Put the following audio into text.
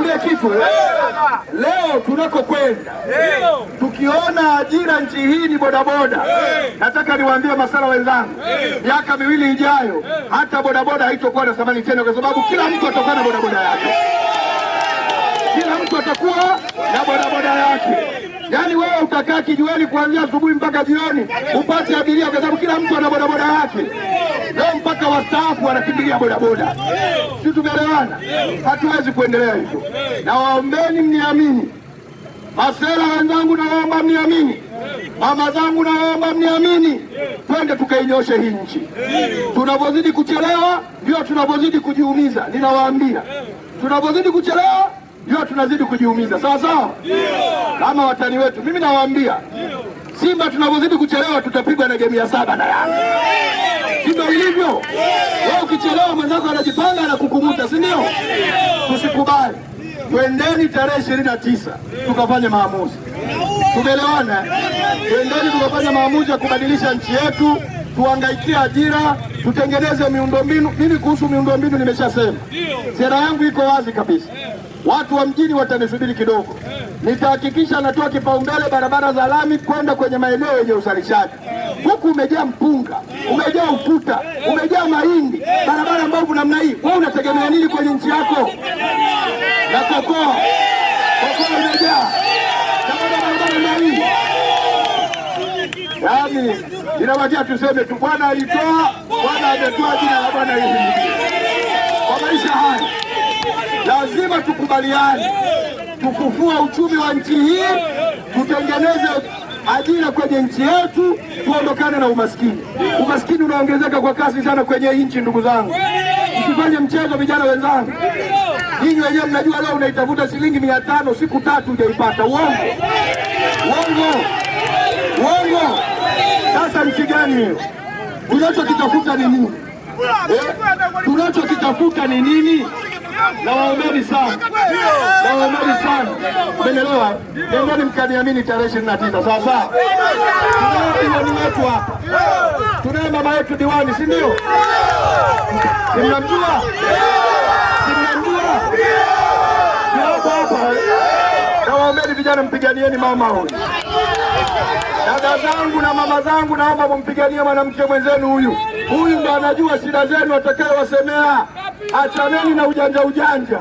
niwaambie kitu eh? leo tunakokwenda, tukiona ajira nchi hii ni bodaboda. Eh. Nataka niwaambie masala wenzangu, eh. miaka miwili ijayo hata bodaboda haitokuwa na thamani tena, kwa sababu kila mtu atokana bodaboda yake mtu atakuwa na bodaboda yake. Yaani wewe utakaa kijiweni kuanzia asubuhi mpaka jioni upate abiria, kwa sababu kila mtu ana bodaboda yake. Leo mpaka wastaafu wanakimbilia bodaboda, si tumeelewana? Hatuwezi kuendelea hivyo, na waombeni mniamini. masera wenzangu, naomba mniamini. Mama zangu, naomba mniamini, twende tukainyoshe hii nchi. Tunapozidi kuchelewa ndio tunapozidi kujiumiza. Ninawaambia, tunapozidi kuchelewa ndio tunazidi kujiumiza, sawa sawa, kama watani wetu. Mimi nawaambia Simba tunavyozidi kuchelewa tutapigwa na game ya saba na Yanga, sivyo ilivyo? Wewe ukichelewa mwenzako anajipanga na kukumuta, si ndio? Tusikubali, twendeni tarehe ishirini na tisa tukafanye maamuzi, tumeelewana? Twendeni tukafanya maamuzi ya kubadilisha nchi yetu, tuangaikie ajira, tutengeneze miundombinu. Mimi kuhusu miundombinu nimeshasema, sera yangu iko wazi kabisa. Watu wa mjini watanisubiri kidogo, nitahakikisha natoa kipaumbele barabara za lami kwenda kwenye maeneo yenye uzalishaji. Huku umejaa mpunga, umejaa ufuta, umejaa mahindi, barabara mbovu namna hii, wewe unategemea nini kwenye nchi yako? Na kokoa, kokoa umejaa yaani, inabakia tuseme tu Bwana alitoa, Bwana ametoa, jina la Bwana lazima tukubaliane, kufufua uchumi wa nchi hii, tutengeneze ajira kwenye nchi yetu, tuondokane na umaskini. Umaskini unaongezeka kwa kasi sana kwenye nchi. Ndugu zangu, msifanye mchezo, vijana wenzangu. Ninyi wenyewe mnajua, leo unaitafuta shilingi mia tano siku tatu hujaipata. Uongo, uongo, uongo. Sasa nchi gani hiyo? Tunachokitafuta ni nini? Eh? Tunachokitafuta ni nini? na waombeni sana, nawaombeni sana, umeelewa? Nendeni mkaniamini tarehe ishirini na tisa sawa sawa. Tunaye diwani wetu hapa, tunaye mama yetu diwani, si ndio? Simnamjua, simnamjua hapa. Nawaombeni vijana, mpiganieni mama huyu. Dada zangu na mama zangu, naomba mumpiganie mwanamke mwenzenu huyu. Huyu ndo anajua shida zenu, atakayewasemea Achaneni na ujanja ujanja.